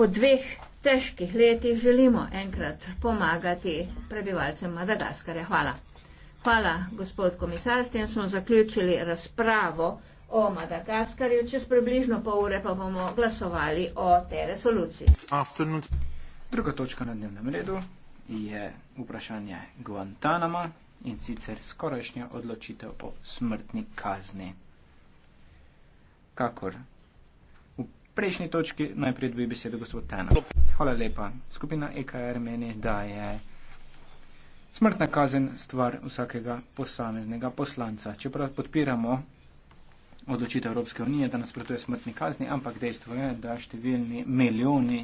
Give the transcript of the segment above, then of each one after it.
po dveh težkih letih želimo enkrat pomagati prebivalcem Madagaskarja. Hvala. Hvala, gospod komisar. S tem smo zaključili razpravo o Madagaskarju. Čez približno pol ure pa bomo glasovali o tej resoluciji. Druga točka na dnevnem redu je vprašanje Guantanama in sicer skorajšnja odločitev o smrtni kazni. Kakor prejšnji točki najprej dobi besedo gospod Tena. Hvala lepa. Skupina EKR meni, da je smrtna kazen stvar vsakega posameznega poslanca. Čeprav podpiramo odločitev Evropske unije, da nasprotuje smrtni kazni, ampak dejstvo je, da številni milijoni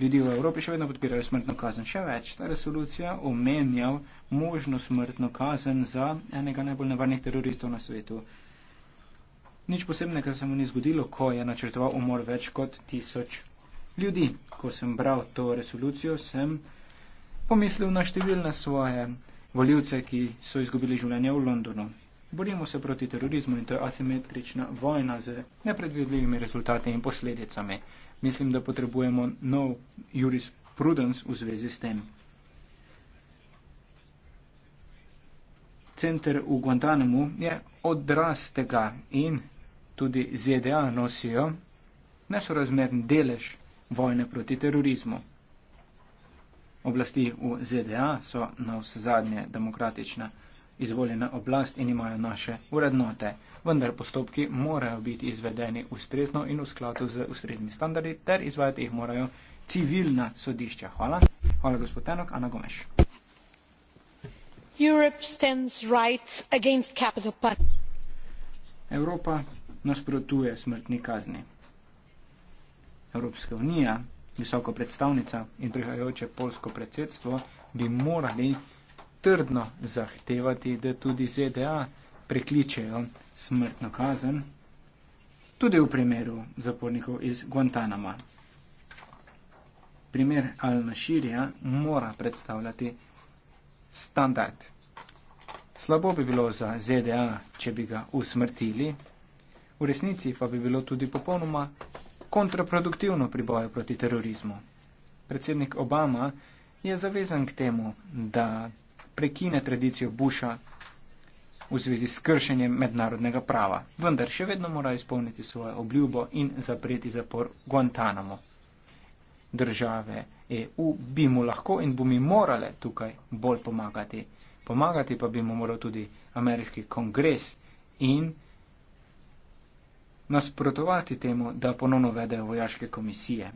ljudi v Evropi še vedno podpirajo smrtno kazen. Še več, ta resolucija omenja možno smrtno kazen za enega najbolj nevarnih teroristov na svetu. Nič posebnega se mu ni zgodilo, ko je načrtoval umor več kot tisoč ljudi. Ko sem bral to resolucijo, sem pomislil na številne svoje voljivce, ki so izgubili življenje v Londonu. Borimo se proti terorizmu in to je asimetrična vojna z nepredvidljivimi rezultati in posledicami. Mislim, da potrebujemo nov jurisprudence v zvezi s tem. Center v Guantanamu je odraz tega in tudi ZDA nosijo nesorazmeren delež vojne proti terorizmu. Oblasti v ZDA so na vse zadnje demokratična izvoljena oblast in imajo naše urednote, vendar postopki morajo biti izvedeni ustrezno in v skladu z ustreznimi standardi, ter izvajati jih morajo civilna sodišča. Hvala. Hvala, gospod Tenok. Ana Gomeš. Evropa nasprotuje smrtni kazni. Evropska unija, visoko predstavnica in prihajajoče polsko predsedstvo bi morali trdno zahtevati, da tudi ZDA prekličejo smrtno kazen, tudi v primeru zapornikov iz Guantanama. Primer Al-Mashirja mora predstavljati standard. Slabo bi bilo za ZDA, če bi ga usmrtili, v resnici pa bi bilo tudi popolnoma kontraproduktivno pri boju proti terorizmu. Predsednik Obama je zavezan k temu, da prekine tradicijo Busha v zvezi s kršenjem mednarodnega prava, vendar še vedno mora izpolniti svojo obljubo in zapreti zapor Guantanamo. Države EU bi mu lahko in bi mi morale tukaj bolj pomagati. Pomagati pa bi mu moral tudi ameriški kongres in nasprotovati temu, da ponovno vedejo vojaške komisije.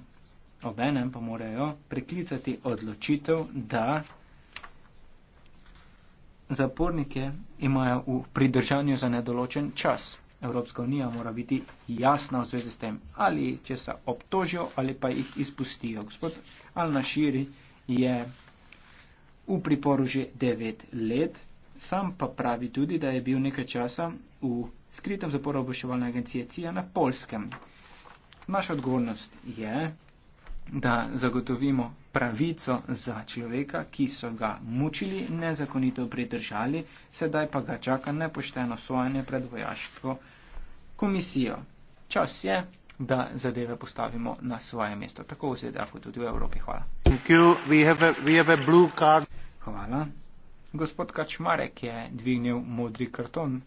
Obenem pa morajo preklicati odločitev, da zapornike imajo v pridržanju za nedoločen čas. Evropska unija mora biti jasna v zvezi s tem, ali če se obtožijo ali pa jih izpustijo. Gospod Al-Nashiri je v priporu že devet let, sam pa pravi tudi, da je bil nekaj časa v skrita v zaporu obveščevalne agencije CIA na Polskem. Naša odgovornost je, da zagotovimo pravico za človeka, ki so ga mučili, nezakonito pridržali, sedaj pa ga čaka nepošteno sojanje pred vojaško komisijo. Čas je, da zadeve postavimo na svoje mesto, tako v ZDA kot tudi v Evropi. Hvala. Hvala. Gospod Kačmarek je dvignil modri karton.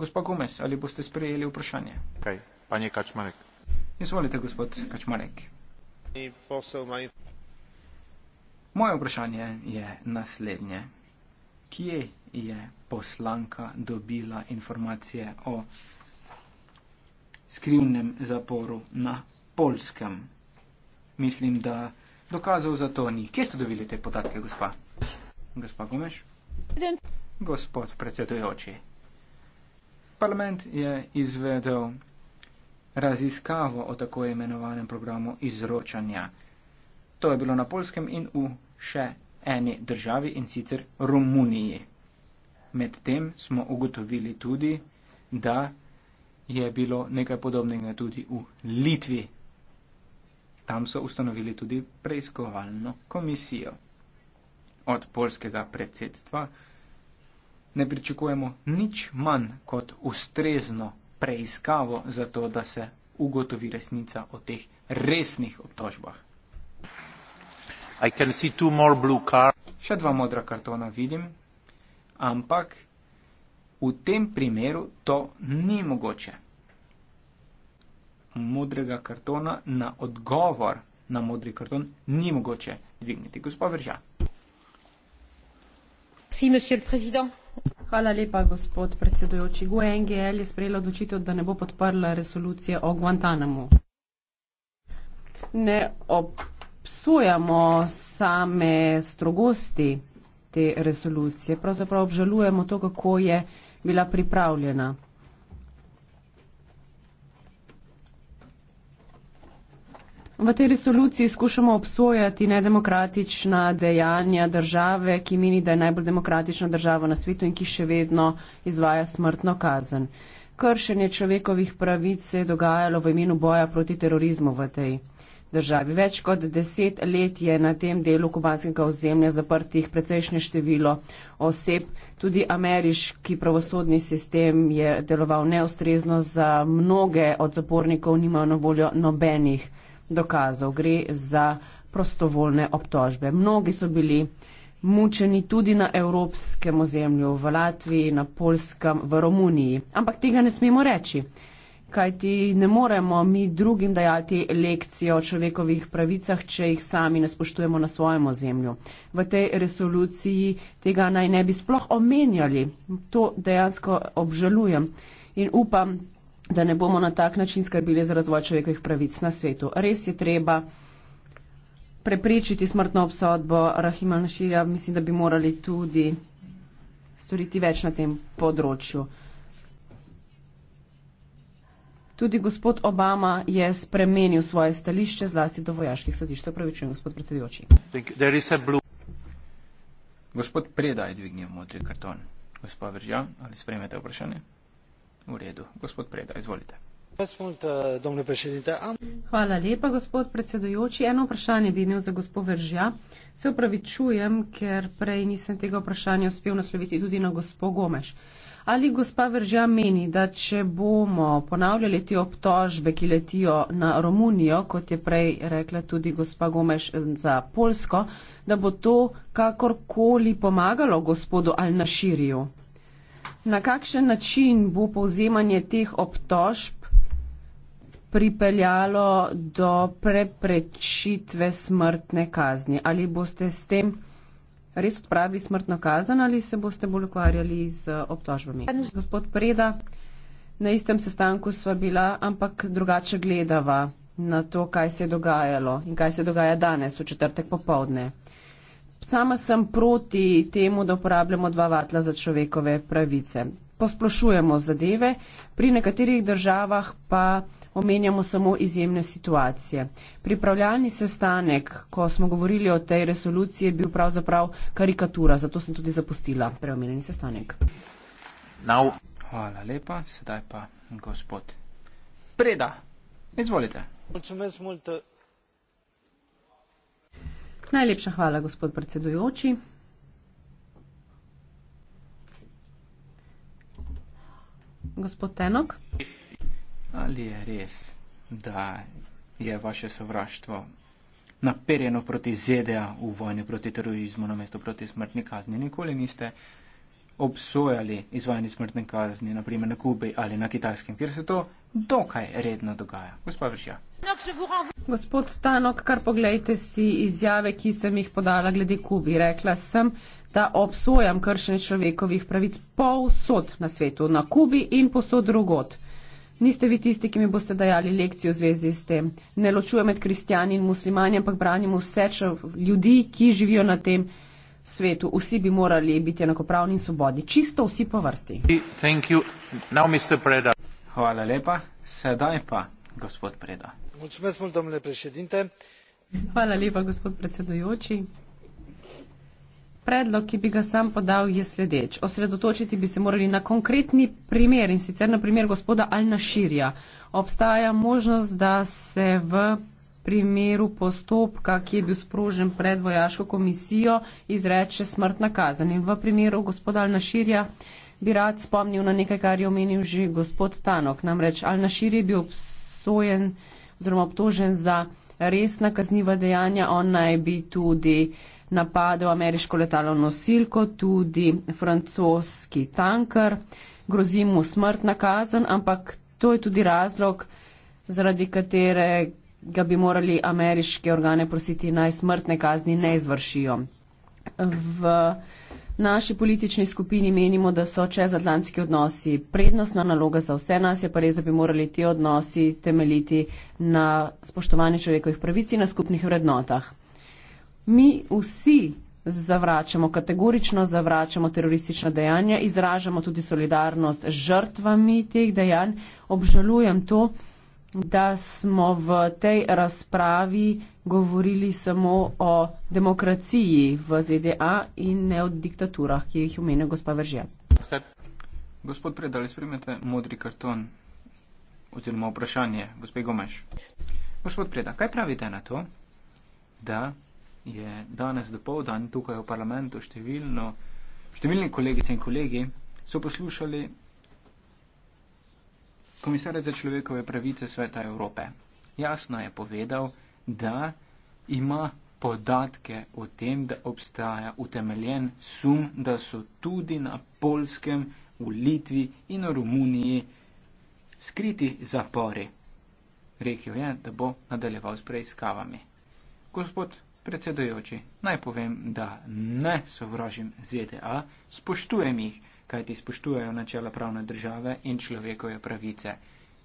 Gospod Gomes, ali boste sprejeli vprašanje? Kaj, panje Kačmarek? Izvolite, gospod Kačmarek. Moje vprašanje je naslednje. Kje je poslanka dobila informacije o skrivnem zaporu na polskem? Mislim, da dokazov za to ni. Kje ste dobili te podatke, gospa? Gospa Gomeš? Gospod predsedujoči parlament je izvedel raziskavo o tako imenovanem programu izročanja. To je bilo na polskem in v še eni državi in sicer Romuniji. Medtem smo ugotovili tudi, da je bilo nekaj podobnega tudi v Litvi. Tam so ustanovili tudi preiskovalno komisijo. Od polskega predsedstva ne pričakujemo nič manj kot ustrezno preiskavo, zato da se ugotovi resnica o teh resnih obtožbah. Še dva modra kartona vidim, ampak v tem primeru to ni mogoče. Modrega kartona na odgovor na modri karton ni mogoče dvigniti. Gospod Vrža. Si, monsieur le président. Hvala lepa, gospod predsedujoči. Gue NGL je sprejela odločitev, da ne bo podprla resolucije o Guantanamu. Ne obsujamo same strogosti te resolucije, pravzaprav obžalujemo to, kako je bila pripravljena. V tej resoluciji skušamo obsojati nedemokratična dejanja države, ki meni, da je najbolj demokratična država na svetu in ki še vedno izvaja smrtno kazen. Kršenje človekovih pravic se je dogajalo v imenu boja proti terorizmu v tej državi. Več kot deset let je na tem delu kubanskega ozemlja zaprtih precejšnje število oseb. Tudi ameriški pravosodni sistem je deloval neustrezno za mnoge od zapornikov, nimajo na voljo nobenih dokazov, gre za prostovoljne obtožbe. Mnogi so bili mučeni tudi na evropskem ozemlju, v Latviji, na Polskem, v Romuniji. Ampak tega ne smemo reči, kajti ne moremo mi drugim dajati lekcijo o človekovih pravicah, če jih sami ne spoštujemo na svojem ozemlju. V tej resoluciji tega naj ne bi sploh omenjali. To dejansko obžalujem in upam, da ne bomo na tak način skrbeli za razvoj človekovih pravic na svetu. Res je treba prepričiti smrtno obsodbo Rahima Nashirja, mislim, da bi morali tudi storiti več na tem področju. Tudi gospod Obama je spremenil svoje stališče zlasti do vojaških sodišč. Opravičujem, gospod predsedujoči. Gospod Preda je dvignil modri karton. Gospod Vržan, ali sprejmete vprašanje? Eh, Hvala lepa, gospod predsedujoči. Eno vprašanje bi imel za gospod Veržja. Se upravičujem, ker prej nisem tega vprašanja uspel nasloviti tudi na gospod Gomeš. Ali gospa Veržja meni, da če bomo ponavljali te obtožbe, ki letijo na Romunijo, kot je prej rekla tudi gospa Gomeš za Polsko, da bo to kakorkoli pomagalo gospodu Alnaširiju? Na kakšen način bo povzemanje teh obtožb pripeljalo do preprečitve smrtne kazni? Ali boste s tem res odpravili smrtno kazen ali se boste bolj ukvarjali z obtožbami? Gospod Preda, na istem sestanku sva bila, ampak drugače gledava na to, kaj se je dogajalo in kaj se dogaja danes v četrtek popovdne sama sem proti temu, da uporabljamo dva vatla za človekove pravice. Posplošujemo zadeve, pri nekaterih državah pa omenjamo samo izjemne situacije. Pripravljalni sestanek, ko smo govorili o tej resoluciji, je bil pravzaprav karikatura, zato sem tudi zapustila preomenjeni sestanek. Now. Hvala lepa, sedaj pa gospod Preda. Izvolite. Mulčumes, mulčumes. Najlepša hvala, gospod predsedujoči. Gospod Tenok. Ali je res, da je vaše sovraštvo naperjeno proti ZDA v vojni proti terorizmu na mesto proti smrtni kazni? Nikoli niste obsojali izvajanje smrtne kazni, naprimer na Kubi ali na Kitajskem, kjer se to dokaj redno dogaja. Gospod Vršjak. Gospod Tanok, kar pogledajte si izjave, ki sem jih podala glede Kubi. Rekla sem, da obsojam kršenje človekovih pravic povsod na svetu, na Kubi in posod drugot. Niste vi tisti, ki mi boste dajali lekcijo v zvezi s tem. Ne ločujem med kristijani in muslimani, ampak branim vse ljudi, ki živijo na tem svetu. Vsi bi morali biti enakopravni in svobodni. Čisto vsi po vrsti. Hvala lepa. Sedaj pa gospod Preda. Mulțumesc mult, domnule președinte. Hvala lepa, gospod predsedujoči. Predlog, ki bi ga sam podal, je sledeč. Osredotočiti bi se morali na konkretni primer in sicer na primer gospoda Alnaširja. Obstaja možnost, da se v primeru postopka, ki je bil sprožen pred vojaško komisijo, izreče smrtna kazen. In v primeru gospoda Alnaširja bi rad spomnil na nekaj, kar je omenil že gospod Tanok. Namreč Alnašir je bil obsojen obsojen oziroma obtožen za resna kazniva dejanja. On naj bi tudi napadel ameriško letalo nosilko, tudi francoski tanker. Grozi mu smrtna kazen, ampak to je tudi razlog, zaradi katerega bi morali ameriške organe prositi naj smrtne kazni ne izvršijo. V naši politični skupini menimo, da so čezatlantski odnosi prednostna naloga za vse nas, je pa res, da bi morali ti odnosi temeljiti na spoštovanju človekovih pravici in na skupnih vrednotah. Mi vsi zavračamo, kategorično zavračamo teroristična dejanja, izražamo tudi solidarnost žrtvami teh dejanj, obžalujem to, da smo v tej razpravi govorili samo o demokraciji v ZDA in ne o diktaturah, ki jih omenja gospa Veržija. Gospod Predal, spremljate modri karton oziroma vprašanje gospe Gomeš. Gospod Predal, kaj pravite na to, da je danes do pol dan tukaj v parlamentu številno, številni kolegice in kolegi so poslušali komisar za človekove pravice sveta Evrope. Jasno je povedal, da ima podatke o tem, da obstaja utemeljen sum, da so tudi na Polskem, v Litvi in v Romuniji skriti zapori. Rekl je, da bo nadaljeval s preiskavami. Gospod predsedojoči, naj povem, da ne sovražim ZDA, spoštujem jih kajti spoštujejo načela pravne države in človekove pravice.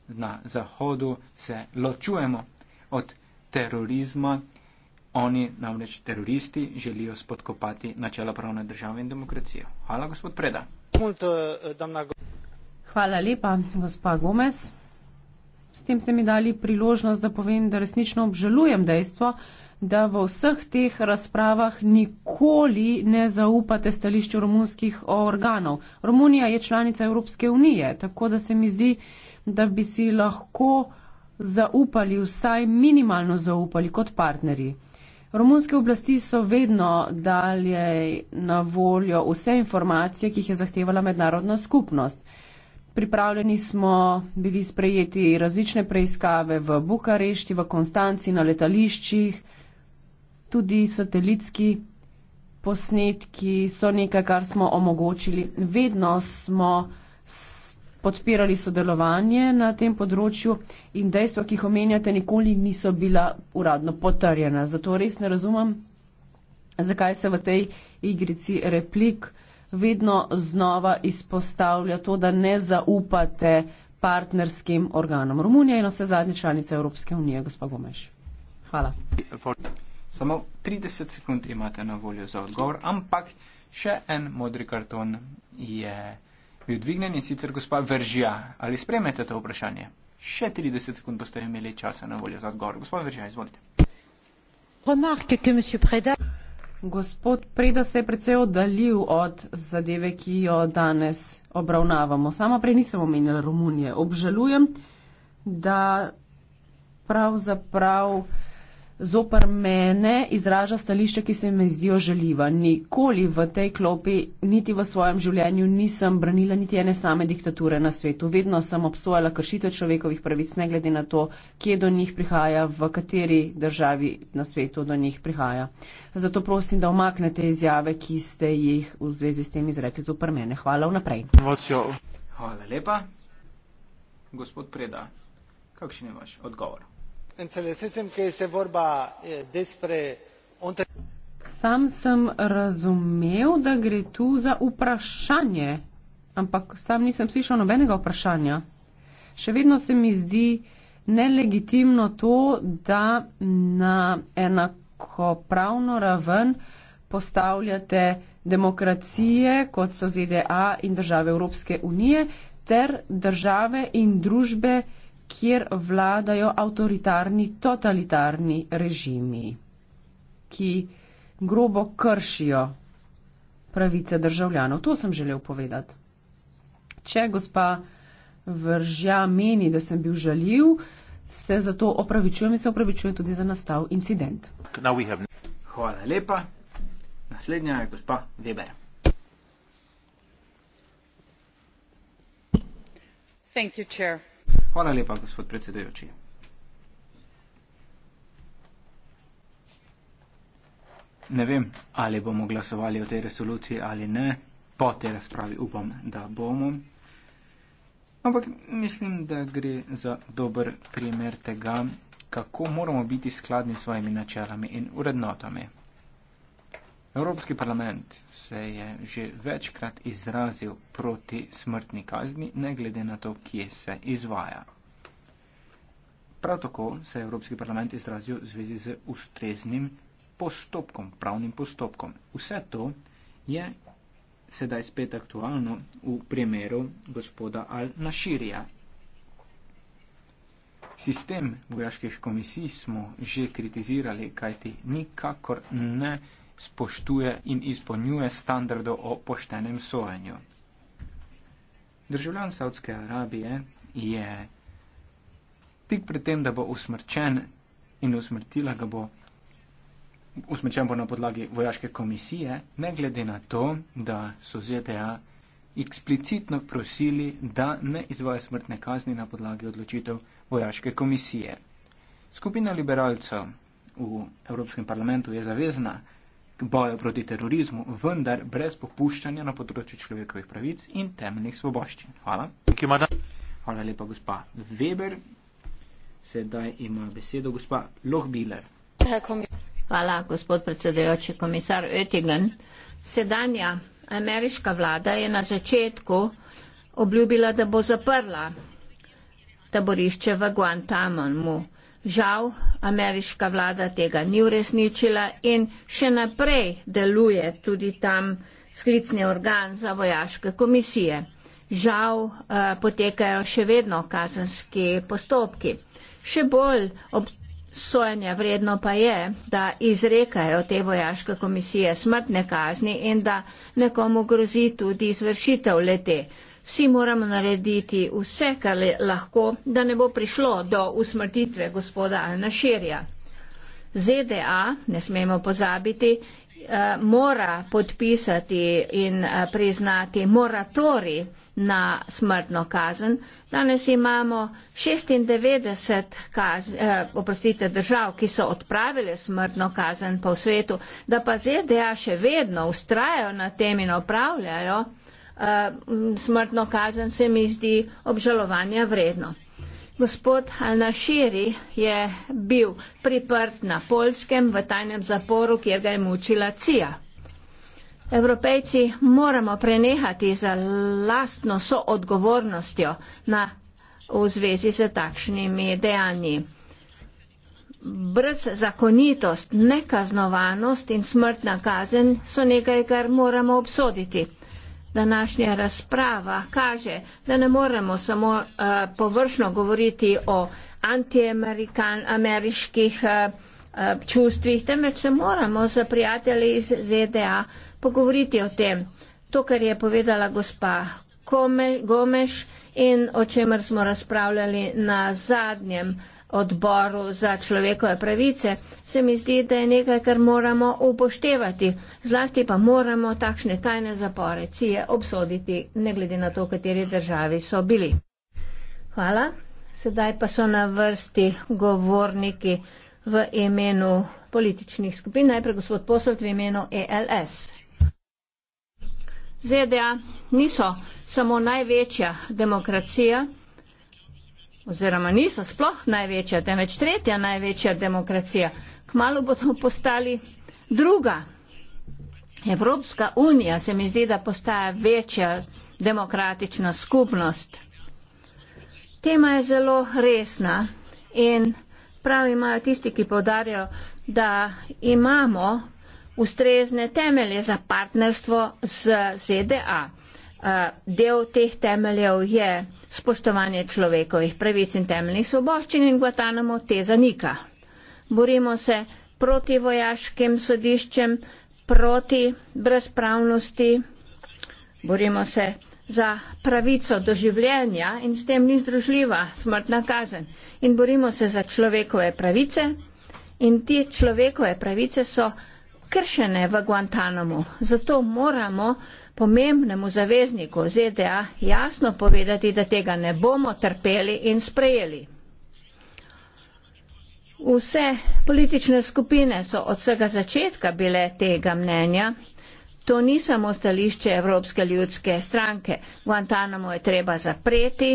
Na Zahodu se ločujemo od terorizma, oni namreč teroristi želijo spodkopati načela pravne države in demokracijo. Hvala, gospod Preda. Eh, Hvala lepa, gospa Gomez. S tem ste mi dali priložnost, da povem, da resnično obžalujem dejstvo, da v vseh teh razpravah nikoli ne zaupate stališču romunskih organov. Romunija je članica Evropske unije, tako da se mi zdi, da bi si lahko zaupali, vsaj minimalno zaupali kot partnerji. Romunske oblasti so vedno dalje na voljo vse informacije, ki jih je zahtevala mednarodna skupnost. Pripravljeni smo bili sprejeti različne preiskave v Bukarešti, v Konstanci, na letališčih tudi satelitski posnetki so nekaj, kar smo omogočili. Vedno smo podpirali sodelovanje na tem področju in dejstva, ki jih omenjate, nikoli niso bila uradno potrjena. Zato res ne razumem, zakaj se v tej igrici replik vedno znova izpostavlja to, da ne zaupate partnerskim organom. Romunija je na vse zadnje članice Evropske unije, gospod Gomeš. Hvala. Samo 30 sekund imate na voljo za odgovor, ampak še en modri karton je bil dvignjen in sicer gospa Veržija. Ali spremete to vprašanje? Še 30 sekund boste imeli časa na voljo za odgovor. Gospod Veržija, izvolite. Gospod Preda se je precej oddaljil od zadeve, ki jo danes obravnavamo. Sama prej nisem omenila Romunije. Obžalujem, da pravzaprav. Prav zoper mene izraža stališče, ki se mi zdijo žaljiva. Nikoli v tej klopi, niti v svojem življenju nisem branila niti ene same diktature na svetu. Vedno sem obsojala kršitev človekovih pravic, ne glede na to, kje do njih prihaja, v kateri državi na svetu do njih prihaja. Zato prosim, da omaknete izjave, ki ste jih v zvezi s tem izrekli zoper mene. Hvala vnaprej. Hvala lepa. Gospod Preda, kakšen je vaš odgovor? înțelesesem că este vorba e, despre o întrebare. Sam sem razumel, da gre tu za vprašanje, ampak sam nisem slišal nobenega vprašanja. Še vedno se mi zdi nelegitimno to, da na enakopravno raven postavljate demokracije, kot so ZDA in države Evropske unije, ter države in družbe, kjer vladajo avtoritarni, totalitarni režimi, ki grobo kršijo pravice državljanov. To sem želel povedati. Če gospa Vržja meni, da sem bil žaljiv, se zato opravičujem in se opravičujem tudi za nastal incident. Hvala lepa. Naslednja je gospa Weber. Thank you, Chair. Hvala lepa, gospod predsedujoči. Ne vem, ali bomo glasovali o tej resoluciji ali ne. Po tej razpravi upam, da bomo. Ampak mislim, da gre za dober primer tega, kako moramo biti skladni s svojimi načelami in urednotami. Evropski parlament se je že večkrat izrazil proti smrtni kazni, ne glede na to, kje se izvaja. Prav tako se je Evropski parlament izrazil v zvezi z ustreznim postopkom, pravnim postopkom. Vse to je sedaj spet aktualno v primeru gospoda Al-Nashirija. Sistem vojaških komisij smo že kritizirali, kajti nikakor ne spoštuje in izpolnjuje standardo o poštenem sojenju. Državljan Saudske Arabije je tik pred tem, da bo usmrčen in usmrtila ga bo, usmrčen bo na podlagi vojaške komisije, ne glede na to, da so ZDA eksplicitno prosili, da ne izvaja smrtne kazni na podlagi odločitev vojaške komisije. Skupina liberalcev v Evropskem parlamentu je zavezna, boja proti terorizmu, vendar brez popuščanja na področju človekovih pravic in temeljnih svoboščin. Hvala. Hvala lepa, gospa Weber. Sedaj ima besedo gospa Lohbiler. Hvala, gospod predsedujoči komisar Oettingen. Sedanja ameriška vlada je na začetku obljubila, da bo zaprla taborišče v Guantanamu. Žal ameriška vlada tega ni uresničila in še naprej deluje tudi tam sklicni organ za vojaške komisije. Žal eh, potekajo še vedno kazenski postopki. Še bolj obsojanja vredno pa je, da izrekajo te vojaške komisije smrtne kazni in da nekomu grozi tudi izvršitev lete vsi moramo narediti vse, kar le lahko, da ne bo prišlo do usmrtitve gospoda Al-Nashirja. ZDA, ne smemo pozabiti, eh, mora podpisati in eh, priznati moratori na smrtno kazen. Danes imamo 96 kaz, eh, oprostite, držav, ki so odpravile smrtno kazen po svetu, da pa ZDA še vedno ustrajajo na tem in opravljajo eh, Eh, smrtno kazen se mi zdi obžalovanja vredno. Gospod Al-Nashiri je bil priprt na Polskem v tajnem zaporu, kjer ga je mučila CIA. Evropejci moramo prenehati za lastno soodgovornostjo na, v zvezi z takšnimi dejanji. Brez zakonitost, nekaznovanost in smrtna kazen so nekaj, kar moramo obsoditi današnja razprava kaže, da ne moremo samo uh, površno govoriti o antiameriških uh, eh, eh, čustvih, temveč se moramo za prijatelji iz ZDA pogovoriti o tem. To, kar je povedala gospa Gomeš in o čemer smo razpravljali na zadnjem uh, odboru za človekove pravice, se mi zdi, da je nekaj, kar moramo upoštevati. Zlasti pa moramo takšne tajne zapore, cije obsoditi, ne glede na to, v kateri državi so bili. Hvala. Sedaj pa so na vrsti govorniki v imenu političnih skupin. Najprej gospod Posolt v imenu ELS. ZDA e niso samo največja demokracija, oziroma niso sploh največja, temveč tretja največja demokracija. Kmalo bodo postali druga. Evropska unija se mi zdi, da postaja večja demokratična skupnost. Tema je zelo resna in prav imajo tisti, ki povdarjajo, da imamo ustrezne temelje za partnerstvo z ZDA. Eh, del teh temeljev je spoštovanje človekovih pravic in temeljnih svoboščin in Guatanamo te zanika. Borimo se proti vojaškim sodiščem, proti brezpravnosti, borimo se za pravico do življenja in s tem ni združljiva smrtna kazen. In borimo se za človekove pravice in te človekove pravice so kršene v Guantanamo. Zato moramo pomembnemu zavezniku ZDA jasno povedati, da tega ne bomo trpeli in sprejeli. Vse politične skupine so od vsega začetka bile tega mnenja. To ni samo stališče Evropske ljudske stranke. Guantanamo je treba zapreti,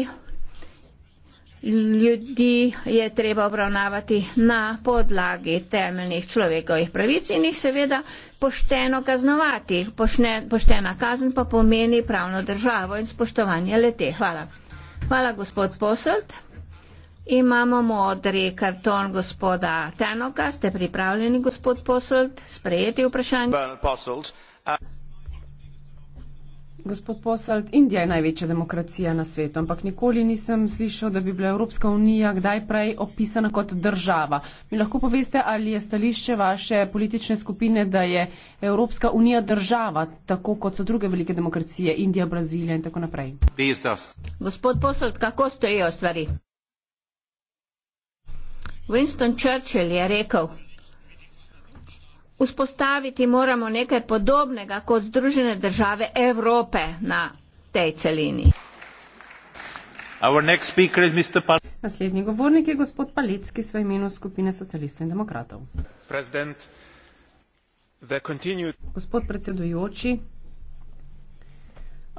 ljudi je treba obravnavati na podlagi temeljnih človekovih pravic in jih seveda pošteno kaznovati. Pošne, poštena kazen pa pomeni pravno državo in spoštovanje lete. Hvala. Hvala, gospod Poselt. Imamo modri karton gospoda Tenoka. Ste pripravljeni, gospod Poselt, sprejeti vprašanje? Gospod Posald, Indija je največja demokracija na svetu, ampak nikoli nisem slišal, da bi bila Evropska unija kdaj prej opisana kot država. Mi lahko poveste, ali je stališče vaše politične skupine, da je Evropska unija država, tako kot so druge velike demokracije, Indija, Brazilija in tako naprej. Gospod Posald, kako stojijo stvari? Winston Churchill je rekel, Vzpostaviti moramo nekaj podobnega kot Združene države Evrope na tej celini. Naslednji govornik je gospod Palecki v imenu skupine socialistov in demokratov. Continued... Gospod predsedujoči,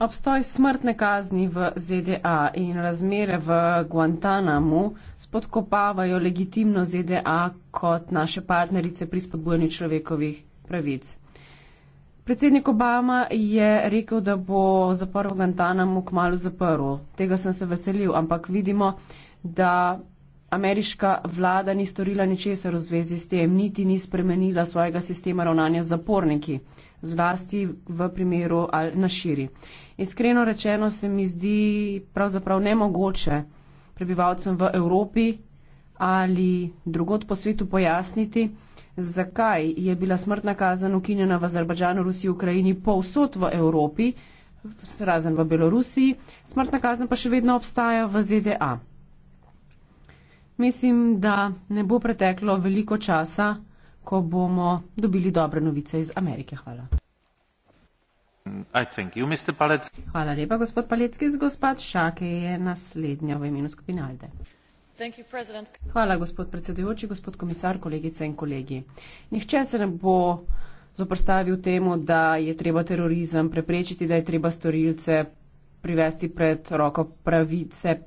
Obstoj smrtne kazni v ZDA in razmere v Guantanamu spodkopavajo legitimno ZDA kot naše partnerice pri spodbujanju človekovih pravic. Predsednik Obama je rekel, da bo zaprl Guantanamo kmalo zaprl. Tega sem se veselil, ampak vidimo, da ameriška vlada ni storila ničesar v zvezi s tem, niti ni spremenila svojega sistema ravnanja z zaporniki, zlasti v primeru ali na širi. Iskreno rečeno se mi zdi pravzaprav nemogoče prebivalcem v Evropi ali drugot po svetu pojasniti, zakaj je bila smrtna kazen ukinjena v Azerbajdžanu, Rusiji, Ukrajini, povsod v Evropi, razen v Belorusiji, smrtna kazen pa še vedno obstaja v ZDA. Mislim, da ne bo preteklo veliko časa, ko bomo dobili dobre novice iz Amerike. Hvala. You, Hvala lepa, gospod Palecki. Gospod Šake je naslednja v imenu skupine Alde. You, Hvala, gospod predsedujoči, gospod komisar, kolegice in kolegi. Nihče se ne bo zoprstavil temu, da je treba terorizem preprečiti, da je treba storilce privesti pred roko pravice,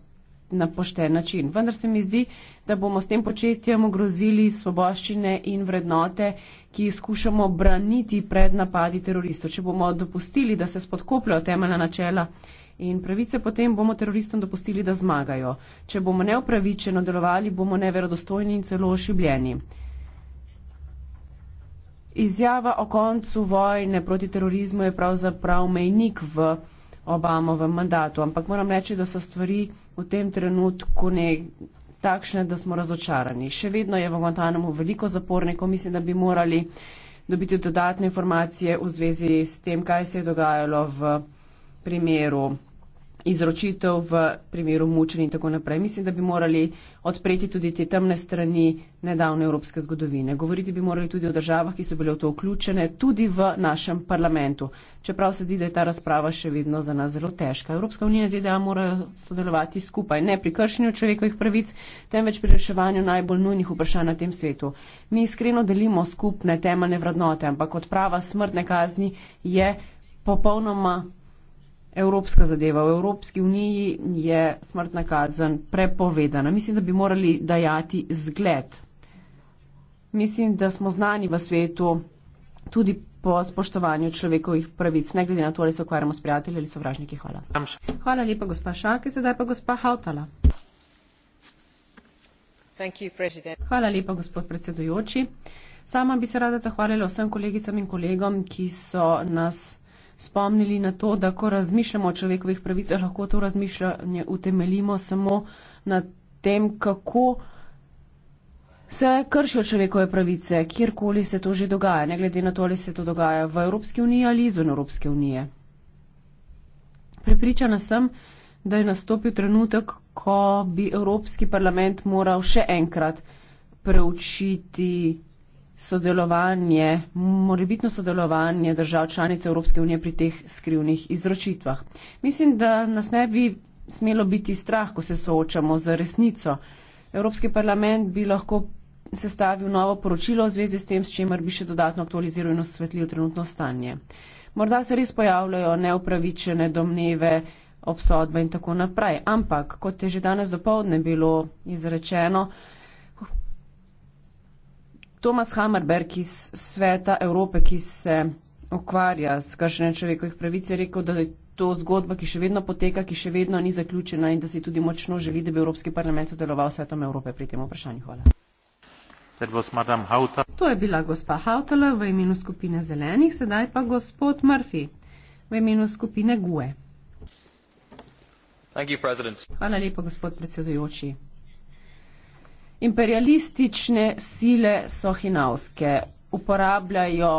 na pošten način. Vendar se mi zdi, da bomo s tem početjem ogrozili svoboščine in vrednote, ki jih skušamo braniti pred napadi teroristov. Če bomo dopustili, da se spodkopljajo temeljna načela in pravice, potem bomo teroristom dopustili, da zmagajo. Če bomo neupravičeno delovali, bomo neverodostojni in celo ošibljeni. Izjava o koncu vojne proti terorizmu je pravzaprav mejnik v. Obamovem mandatu. Ampak moram reči, da so stvari v tem trenutku ne takšne, da smo razočarani. Še vedno je v Guantanamo veliko zapornikov. Mislim, da bi morali dobiti dodatne informacije v zvezi s tem, kaj se je dogajalo v primeru izročitev v primeru mučenja in tako naprej. Mislim, da bi morali odpreti tudi te temne strani nedavne evropske zgodovine. Govoriti bi morali tudi o državah, ki so bile v to vključene, tudi v našem parlamentu. Čeprav se zdi, da je ta razprava še vedno za nas zelo težka. Evropska unija in ZDA morajo sodelovati skupaj, ne pri kršenju človekovih pravic, temveč pri reševanju najbolj nujnih vprašanj na tem svetu. Mi iskreno delimo skupne temeljne vrednote, ampak odprava smrtne kazni je popolnoma evropska zadeva. V Evropski uniji je smrtna kazen prepovedana. Mislim, da bi morali dajati zgled. Mislim, da smo znani v svetu tudi po spoštovanju človekovih pravic, ne glede na to, ali se ukvarjamo s prijatelji ali sovražniki. Hvala. Hvala lepa, gospa Šake, sedaj pa gospa Hautala. You, Hvala lepa, gospod predsedujoči. Sama bi se rada zahvalila vsem kolegicam in kolegom, ki so nas spomnili na to, da ko razmišljamo o človekovih pravicah, lahko to razmišljanje utemeljimo samo na tem, kako se kršijo človekove pravice, kjerkoli se to že dogaja, ne glede na to, ali se to dogaja v Evropski uniji ali izven Evropske unije. Pripričana sem, da je nastopil trenutek, ko bi Evropski parlament moral še enkrat preučiti sodelovanje, morebitno sodelovanje držav članice Evropske unije pri teh skrivnih izročitvah. Mislim, da nas ne bi smelo biti strah, ko se soočamo z resnico. Evropski parlament bi lahko sestavil novo poročilo v zvezi s tem, s čemer bi še dodatno aktualiziral in osvetlil trenutno stanje. Morda se res pojavljajo neupravičene domneve, obsodbe in tako naprej, ampak kot je že danes dopovdne bilo izrečeno, Tomas Hammerberg iz Sveta Evrope, ki se ukvarja s kršenjem človekovih pravic, je rekel, da je to zgodba, ki še vedno poteka, ki še vedno ni zaključena in da si tudi močno želi, da bi Evropski parlament sodeloval s Svetom Evrope pri tem vprašanju. Hvala. To je bila gospa Hautala v imenu skupine Zelenih, sedaj pa gospod Murphy v imenu skupine GUE. Hvala lepa, gospod predsedujoči imperialistične sile Sohinavske uporabljajo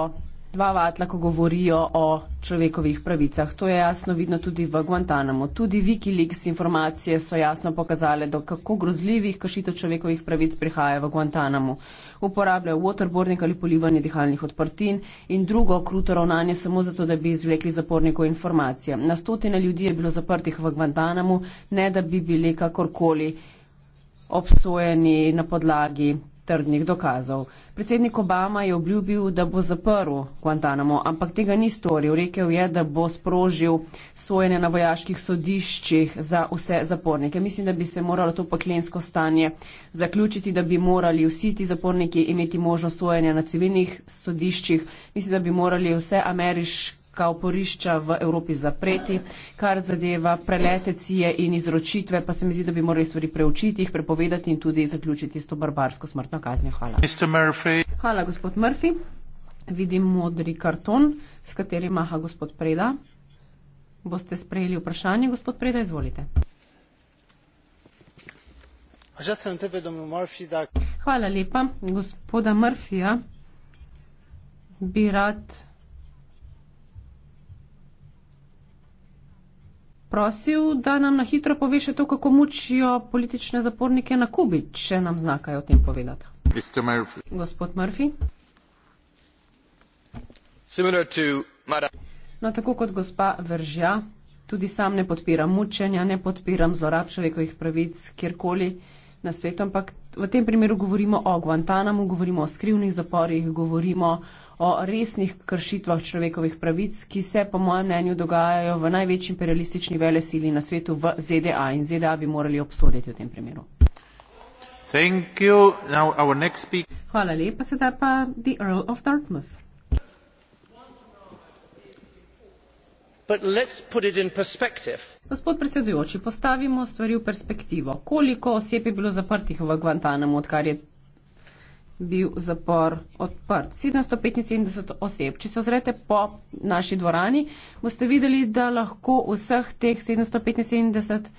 dva vatla, ko govorijo o človekovih pravicah. To je jasno vidno tudi v Guantanamo. Tudi Wikileaks informacije so jasno pokazale, do kako grozljivih kršitev človekovih pravic prihaja v Guantanamo. Uporabljajo waterboarding ali polivanje dihalnih odprtin in drugo kruto ravnanje samo zato, da bi izvlekli zaporniku informacije. Na stotine ljudi je bilo zaprtih v Guantanamo, ne da bi bili kakorkoli obsojeni na podlagi trdnih dokazov. Predsednik Obama je obljubil, da bo zaprl Guantanamo, ampak tega ni storil. Rekel je, da bo sprožil sojenje na vojaških sodiščih za vse zapornike. Mislim, da bi se moralo to paklensko stanje zaključiti, da bi morali vsi ti zaporniki imeti možnost sojenja na civilnih sodiščih. Mislim, da bi morali vse ameriške ka oporišča v Evropi zapreti, kar zadeva prelete cije in izročitve, pa se mi zdi, da bi morali stvari preučiti, jih prepovedati in tudi zaključiti s to barbarsko smrtno kaznjo. Hvala. Hvala, gospod Murphy. Vidim modri karton, s katerim maha gospod Preda. Boste sprejeli vprašanje, gospod Preda, izvolite. Tebe, Murphy, da... Hvala lepa. Gospoda Murphyja bi rad prosil, da nam na hitro poveše to, kako mučijo politične zapornike na Kubi, če nam zna kaj o tem povedati. Murphy. Gospod Murphy. No, tako kot gospa Veržja, tudi sam ne podpiram mučenja, ne podpiram zlorab človekovih pravic kjerkoli na svetu, ampak v tem primeru govorimo o Guantanamu, govorimo o skrivnih zaporih, govorimo o o resnih kršitvah človekovih pravic, ki se, po mojem mnenju, dogajajo v največji imperialistični vele sili na svetu v ZDA in ZDA bi morali obsoditi v tem primeru. Hvala lepa, sedaj pa The Earl of Dartmouth. Gospod predsedujoči, postavimo stvari v perspektivo. Koliko oseb je bilo zaprtih v Guantanamo, odkar je bil zapor odprt. 775 oseb. Če se ozrete po naši dvorani, boste videli, da lahko vseh teh 775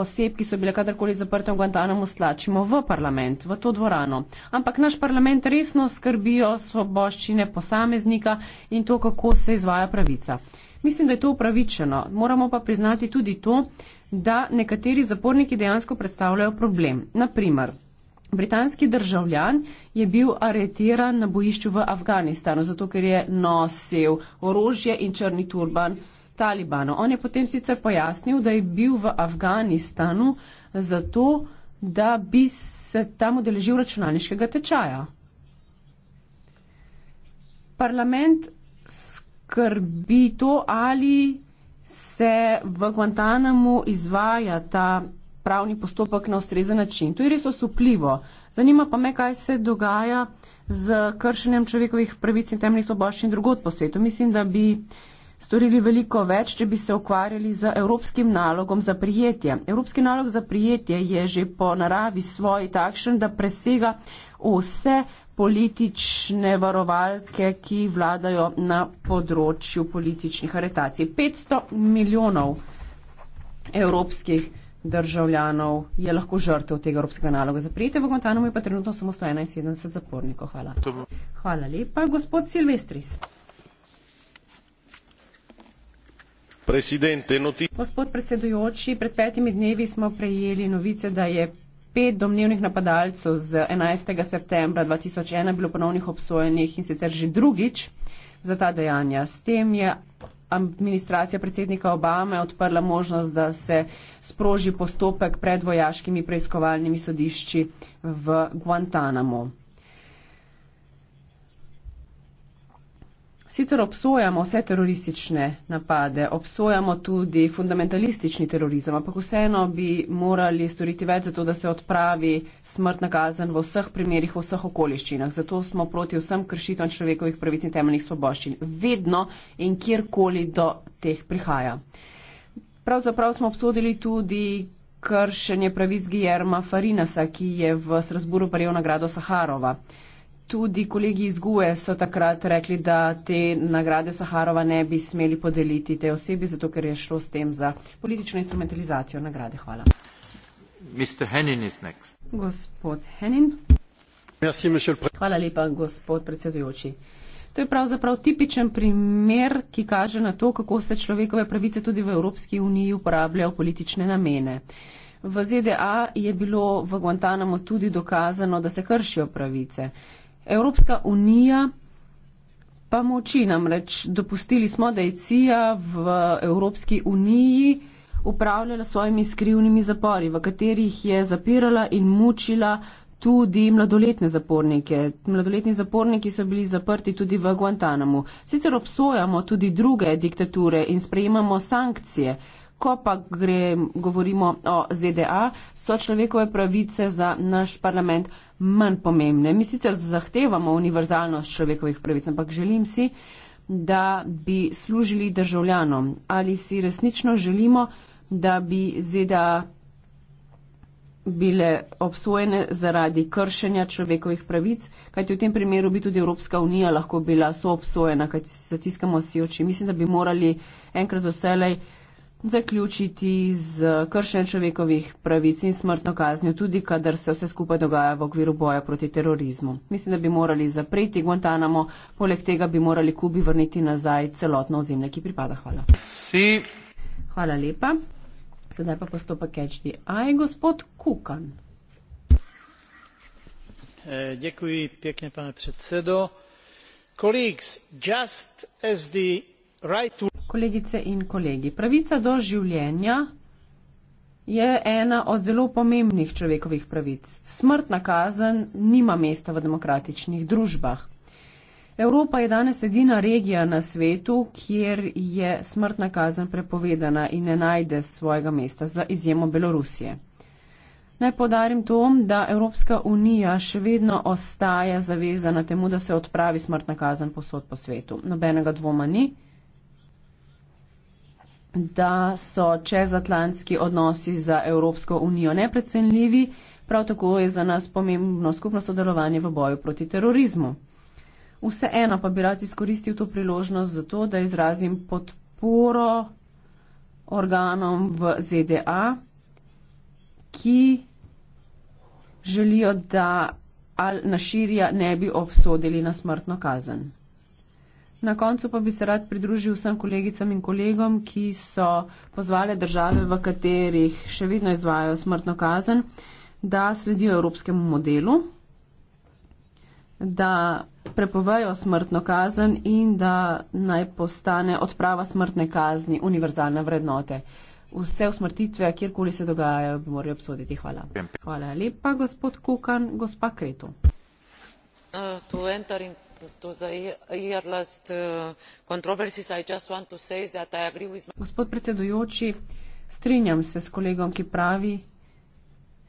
oseb, ki so bile kadarkoli zaprte v Guantanamo, slačimo v parlament, v to dvorano. Ampak naš parlament resno skrbijo svoboščine posameznika in to, kako se izvaja pravica. Mislim, da je to upravičeno. Moramo pa priznati tudi to, da nekateri zaporniki dejansko predstavljajo problem. Naprimer, Britanski državljan je bil aretiran na bojišču v Afganistanu, zato ker je nosil orožje in črni turban Talibanu. On je potem sicer pojasnil, da je bil v Afganistanu zato, da bi se tam odeležil računalniškega tečaja. Parlament skrbi to, ali se v Guantanamu izvaja ta pravni postopek na ustrezen način. To je res osupljivo. Zanima pa me, kaj se dogaja z kršenjem človekovih pravic in temeljnih svoboščin drugod po svetu. Mislim, da bi storili veliko več, če bi se ukvarjali z evropskim nalogom za prijetje. Evropski nalog za prijetje je že po naravi svoj takšen, da presega vse politične varovalke, ki vladajo na področju političnih aretacij. 500 milijonov evropskih državljanov je lahko žrtev tega evropskega naloga. Zaprite v Guantanamo je pa trenutno samo 171 zapornikov. Hvala. Hvala lepa. Gospod Silvestris. Gospod predsedujoči, pred petimi dnevi smo prejeli novice, da je pet domnevnih napadalcev z 11. septembra 2001 bilo ponovnih obsojenih in sicer že drugič za ta dejanja. S tem je administracija predsednika Obame odprla možnost, da se sproži postopek pred vojaškimi preiskovalnimi sodišči v Guantanamo. Sicer obsojamo vse teroristične napade, obsojamo tudi fundamentalistični terorizem, ampak vseeno bi morali storiti več za to, da se odpravi smrtna kazen v vseh primerjih, v vseh okoliščinah. Zato smo proti vsem kršitvam človekovih pravic in temeljnih svoboščin. Vedno in kjerkoli do teh prihaja. Pravzaprav smo obsodili tudi kršenje pravic Gijerma Farinasa, ki je v Strasburu prejel nagrado Saharova. Tudi kolegi iz GUE so takrat rekli, da te nagrade Saharova ne bi smeli podeliti te osebi, zato ker je šlo s tem za politično instrumentalizacijo nagrade. Hvala. Gospod Henin. Merci, Hvala lepa, gospod predsedujoči. To je pravzaprav tipičen primer, ki kaže na to, kako se človekove pravice tudi v Evropski uniji uporabljajo v politične namene. V ZDA je bilo v Guantanamo tudi dokazano, da se kršijo pravice. Evropska unija pa moči, namreč dopustili smo, da je CIA v Evropski uniji upravljala svojimi skrivnimi zapori, v katerih je zapirala in mučila tudi mladoletne zapornike. Mladoletni zaporniki so bili zaprti tudi v Guantanamu. Sicer obsojamo tudi druge diktature in sprejemamo sankcije, Ko pa gre, govorimo o ZDA, so človekove pravice za naš parlament manj pomembne. Mi sicer zahtevamo univerzalnost človekovih pravic, ampak želim si, da bi služili državljanom. Ali si resnično želimo, da bi ZDA bile obsojene zaradi kršenja človekovih pravic, kajti v tem primeru bi tudi Evropska unija lahko bila soobsojena, kajti zatiskamo si oči. Mislim, da bi morali enkrat za vselej zaključiti z kršen človekovih pravic in smrtno kaznjo, tudi kadar se vse skupaj dogaja v okviru boja proti terorizmu. Mislim, da bi morali zapreti Guantanamo, poleg tega bi morali Kubi vrniti nazaj celotno ozemlje, ki pripada. Hvala. Si. Hvala lepa. Sedaj pa postopek HDI. Aj, gospod Kukan. Eh, Colleagues, just as the right to kolegice in kolegi. Pravica do življenja je ena od zelo pomembnih človekovih pravic. Smrtna kazen nima mesta v demokratičnih družbah. Evropa je danes edina regija na svetu, kjer je smrtna kazen prepovedana in ne najde svojega mesta za izjemo Belorusije. Naj podarim to, da Evropska unija še vedno ostaja zavezana temu, da se odpravi smrtna kazen posod po svetu. Nobenega dvoma ni da so čezatlantski odnosi za Evropsko unijo neprecenljivi, prav tako je za nas pomembno skupno sodelovanje v boju proti terorizmu. Vseeno pa bi rad izkoristil to priložnost za to, da izrazim podporo organom v ZDA, ki želijo, da Al-Nashirja ne bi obsodili na smrtno kazen. Na koncu pa bi se rad pridružil vsem kolegicam in kolegom, ki so pozvali države, v katerih še vedno izvajajo smrtno kazen, da sledijo evropskemu modelu, da prepovejo smrtno kazen in da naj postane odprava smrtne kazni univerzalne vrednote. Vse usmrtitve, kjerkoli se dogajajo, bi morali obsoditi. Hvala. Hvala lepa, gospod Kukan, gospa Kretu. Uh, Uh, Gospod predsedujoči, strinjam se s kolegom, ki pravi,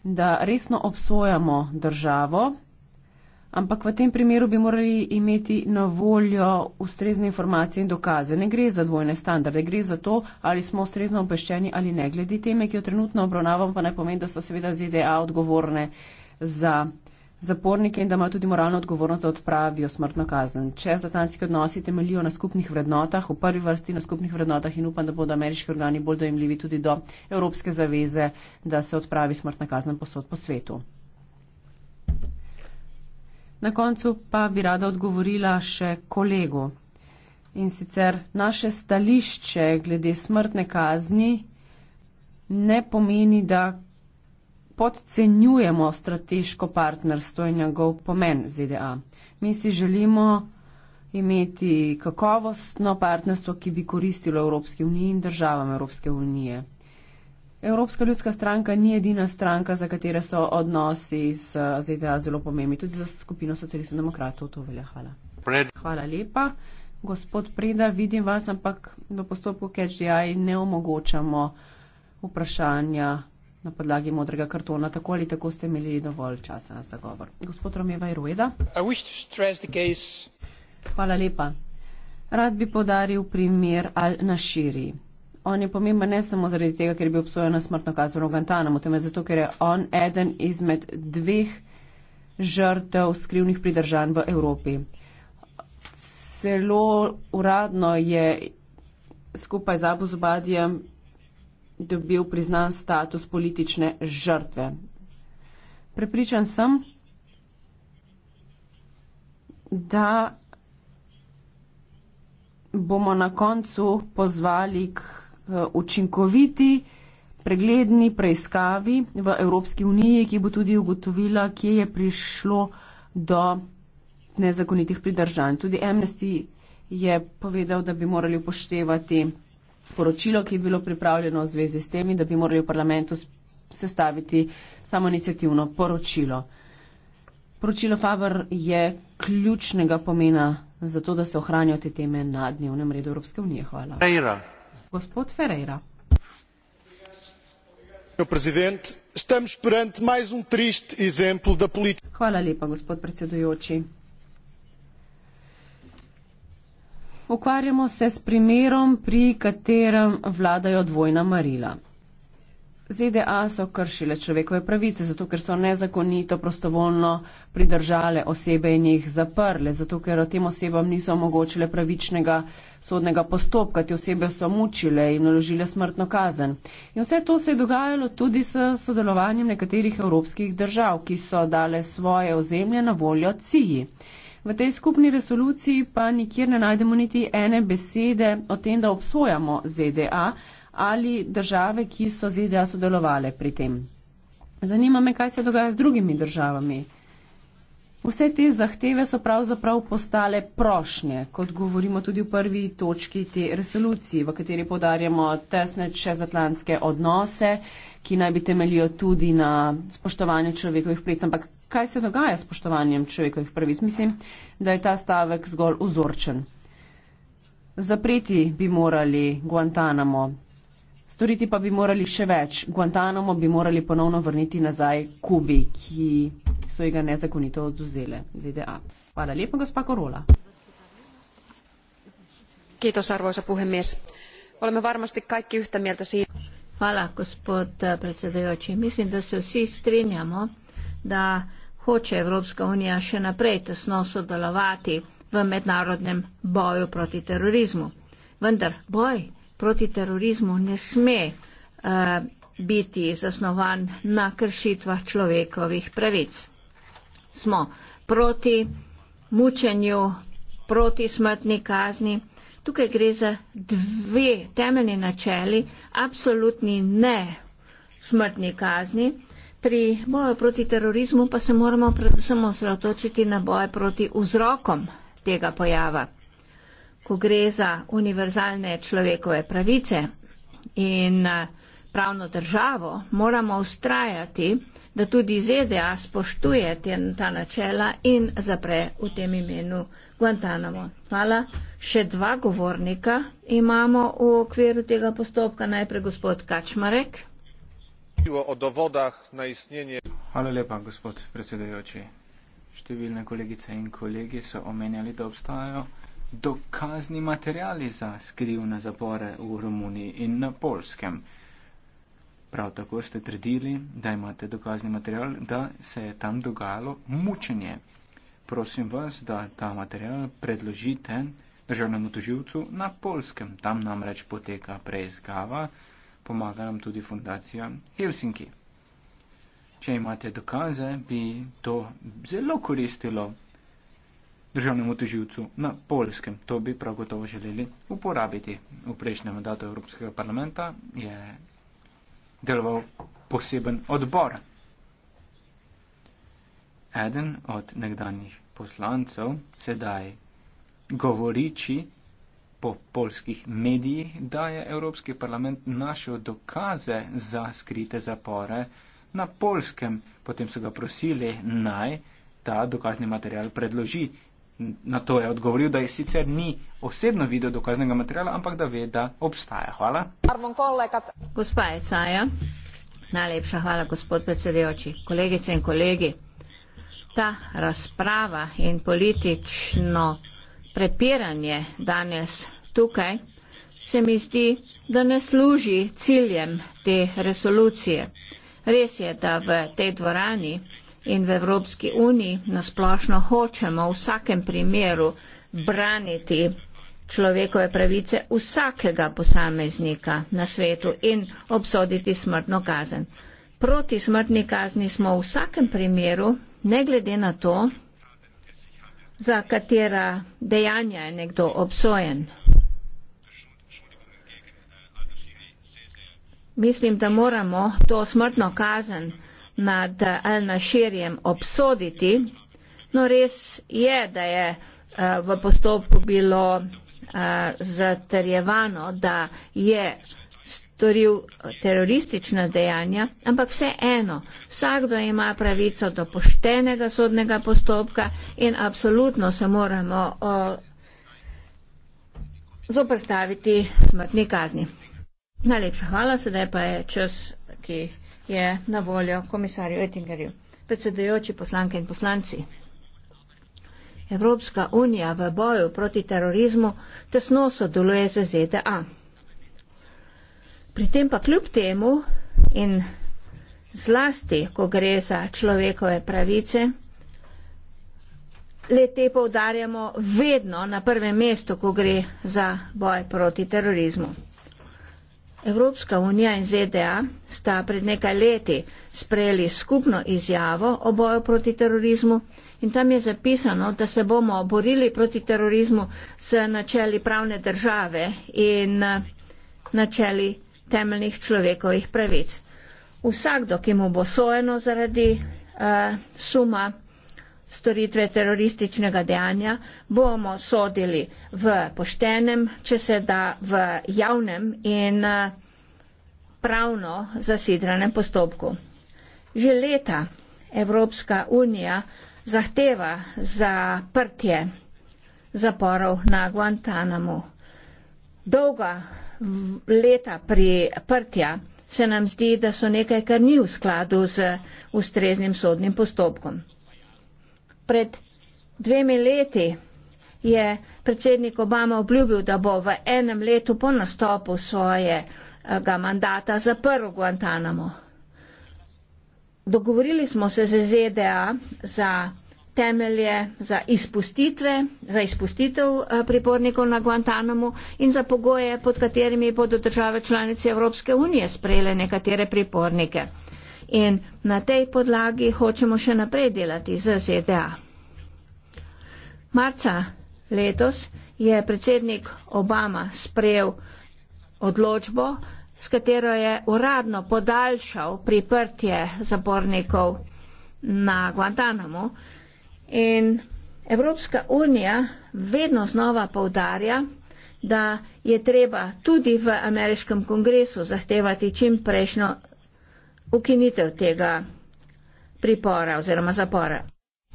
da resno obsojamo državo, ampak v tem primeru bi morali imeti na voljo ustrezne informacije in dokaze. Ne gre za dvojne standarde, gre za to, ali smo ustrezno obveščeni ali ne. Glede teme, ki jo trenutno obravnavam, pa naj pomeni, da so seveda ZDA odgovorne za zapornike in da imajo tudi moralno odgovornost, da odpravijo smrtno kazen. Če zatanski odnosi temeljijo na skupnih vrednotah, v prvi vrsti na skupnih vrednotah in upam, da bodo ameriški organi bolj dojemljivi tudi do evropske zaveze, da se odpravi smrtna kazen posod po svetu. Na koncu pa bi rada odgovorila še kolegu. In sicer naše stališče glede smrtne kazni ne pomeni, da podcenjujemo strateško partnerstvo in njegov pomen ZDA. Mi si želimo imeti kakovostno partnerstvo, ki bi koristilo Evropski uniji in državam Evropske unije. Evropska ljudska stranka ni edina stranka, za katere so odnosi z ZDA zelo pomembni. Tudi za skupino socialistov in demokratov to velja. Hvala. Pred. Hvala lepa. Gospod Preda, vidim vas, ampak v postopku KGI ne omogočamo vprašanja na podlagi modrega kartona, tako ali tako ste imeli dovolj časa za govor. Gospod Romeva Irueda. Hvala lepa. Rad bi podaril primer Al-Nashiri. On je pomemben ne samo zaradi tega, ker je bil obsojen na smrtno kazen v Gantanamu, temveč zato, ker je on eden izmed dveh žrtev skrivnih pridržanj v Evropi. Celo uradno je skupaj z Abu Zubadijem dobil priznan status politične žrtve. Prepričan sem, da bomo na koncu pozvali k eh, učinkoviti pregledni preiskavi v Evropski uniji, ki bo tudi ugotovila, kje je prišlo do nezakonitih pridržanj. Tudi Amnesty je povedal, da bi morali upoštevati poročilo, ki je bilo pripravljeno v zvezi s temi, da bi morali v parlamentu sestaviti samo inicijativno poročilo. Poročilo Faber je ključnega pomena za to, da se ohranijo te teme na dnevnem redu Evropske unije. Hvala. Ferreira. Gospod Ferreira. Um Hvala lepa, gospod predsedujoči. ukvarjamo se s primerom, pri katerem vladajo dvojna marila. ZDA so kršile človekove pravice, zato ker so nezakonito prostovoljno pridržale osebe in jih zaprle, zato ker tem osebam niso omogočile pravičnega sodnega postopka, te osebe so mučile in naložile smrtno kazen. In vse to se je dogajalo tudi s sodelovanjem nekaterih evropskih držav, ki so dale svoje ozemlje na voljo CIA. V tej skupni resoluciji pa nikjer ne najdemo niti ene besede o tem, da obsojamo ZDA ali države, ki so ZDA sodelovale pri tem. Zanima me, kaj se dogaja z drugimi državami. Vse te zahteve so pravzaprav postale prošnje, kot govorimo tudi v prvi točki te resoluciji, v kateri podarjamo tesne čezatlantske odnose, ki naj bi temeljijo tudi na spoštovanju človekovih pric, ampak kaj se dogaja s poštovanjem človekovih pravic. Mislim, da je ta stavek zgolj vzorčen. Zapreti bi morali Guantanamo, storiti pa bi morali še več. Guantanamo bi morali ponovno vrniti nazaj Kubi, ki so ga nezakonito oduzele ZDA. Hvala lepa, gospa Korola. Hvala, gospod predsedujoči. Mislim, da se vsi strinjamo, da hoče Evropska unija še naprej tesno sodelovati v mednarodnem boju proti terorizmu. Vendar boj proti terorizmu ne sme uh, biti zasnovan na kršitvah človekovih pravic. Smo proti mučenju, proti smrtni kazni. Tukaj gre za dve temeljni načeli, absolutni ne smrtni kazni. Pri boju proti terorizmu pa se moramo predvsem osredotočiti na boj proti vzrokom tega pojava, ko gre za univerzalne človekove pravice in eh, pravno državo, moramo ustrajati, da tudi ZDA spoštuje ta načela in zapre v tem imenu Guantanamo. Hvala. Še dva govornika imamo v okviru tega postopka. Najprej gospod Kačmarek mówiło o dowodach na istnienie. Hvala lepa, gospod predsedujoči. Številne kolegice in kolegi so omenjali, da obstajajo dokazni materiali za skrivne zapore v Romuniji in na Polskem. Prav tako ste trdili, da imate dokazni material, da se je tam dogajalo mučenje. Prosim vas, da ta material predložite državnemu toživcu na Polskem. Tam namreč poteka preizkava pomaga nam tudi fundacija Helsinki. Če imate dokaze, bi to zelo koristilo državnemu toživcu na polskem. To bi prav gotovo želeli uporabiti. V prejšnjem mandatu Evropskega parlamenta je deloval poseben odbor. Eden od nekdanjih poslancev, sedaj govoriči po polskih medijih, da je Evropski parlament našel dokaze za skrite zapore na polskem. Potem so ga prosili naj ta dokazni material predloži. Na to je odgovoril, da je sicer ni osebno videl dokaznega materiala, ampak da ve, da obstaja. Hvala. Gospa Esaja, najlepša hvala, gospod predsedujoči. Kolegice in kolegi, ta razprava in politično prepiranje danes tukaj, se mi zdi, da ne služi ciljem te resolucije. Res je, da v tej dvorani in v Evropski uniji nasplošno hočemo v vsakem primeru braniti človekove pravice vsakega posameznika na svetu in obsoditi smrtno kazen. Proti smrtni kazni smo v vsakem primeru, ne glede na to, za katera dejanja je nekdo obsojen. Mislim, da moramo to smrtno kazen nad Al-Nashirjem obsoditi. No res je, da je uh, v postopku bilo uh, eh, zaterjevano, da je uh, storil eh, teroristična dejanja, ampak vseeno, vsakdo ima pravico do poštenega sodnega postopka in apsolutno se moramo o, zoprstaviti smrtni kazni. Najlepša hvala, sedaj pa je čas, ki je na voljo komisarju Ettingerju. Predsedujoči poslanke in poslanci. Evropska unija v boju proti terorizmu tesno sodeluje z ZDA. Pri tem pa kljub temu in zlasti, ko gre za človekove pravice, le te poudarjamo vedno na prvem mestu, ko gre za boj proti terorizmu. Evropska unija in ZDA sta pred nekaj leti sprejeli skupno izjavo o boju proti terorizmu in tam je zapisano, da se bomo borili proti terorizmu z načeli pravne države in načeli temeljnih človekovih pravic. Vsakdo, ki mu bo sojeno zaradi uh, suma storitve terorističnega dejanja, bomo sodili v poštenem, če se da v javnem in eh, pravno zasidranem postopku. Že leta Evropska unija zahteva zaprtje zaporov na Guantanamo. Dolga leta priprtja, se nam zdi, da so nekaj, kar ni v skladu z ustreznim sodnim postopkom. Pred dvemi leti je predsednik Obama obljubil, da bo v enem letu po nastopu svojega mandata zaprl Guantanamo. Dogovorili smo se z ZDA za temelje za izpustitve, za izpustitev eh, pripornikov na Guantanamu in za pogoje, pod katerimi bodo države članice Evropske unije sprejele nekatere pripornike. In na tej podlagi hočemo še naprej delati z ZDA. Marca letos je predsednik Obama sprejel odločbo, s katero je uradno podaljšal priprtje zapornikov na Guantanamu. In Evropska unija vedno znova povdarja, da je treba tudi v ameriškem kongresu zahtevati čim prejšnjo ukinitev tega pripora oziroma zapora.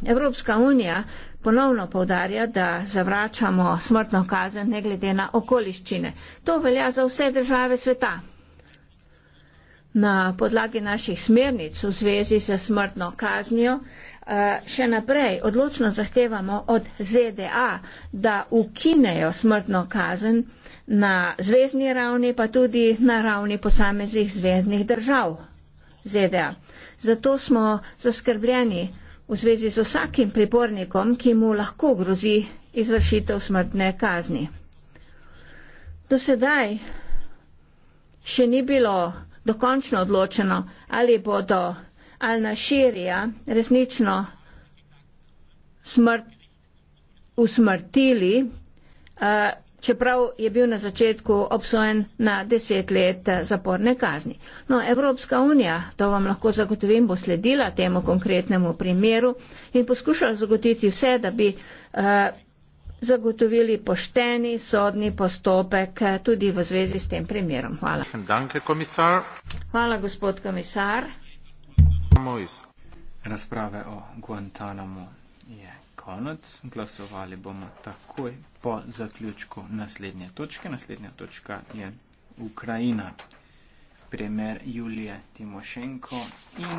Evropska unija ponovno povdarja, da zavračamo smrtno kazen ne glede na okoliščine. To velja za vse države sveta na podlagi naših smernic v zvezi z smrtno kaznijo, eh, še naprej odločno zahtevamo od ZDA, da ukinejo smrtno kazen na zvezdni ravni, pa tudi na ravni posameznih zvezdnih držav ZDA. Zato smo zaskrbljeni v zvezi z vsakim pripornikom, ki mu lahko grozi izvršitev smrtne kazni. Do sedaj še ni bilo dokončno odločeno, ali bodo Al-Nashirija resnično smrt, usmrtili, eh, čeprav je bil na začetku obsojen na deset let eh, zaporne kazni. No, Evropska unija, to vam lahko zagotovim, bo sledila temu konkretnemu primeru in poskušala zagotoviti vse, da bi eh, zagotovili pošteni sodni postopek eh, tudi v zvezi s tem primerom. Hvala. Danke, komisar. Hvala, gospod komisar. Mojs. Razprave o Guantanamo je konec. Glasovali bomo takoj po zaključku naslednje točke. Naslednja točka je Ukrajina. Primer Julije Timošenko. In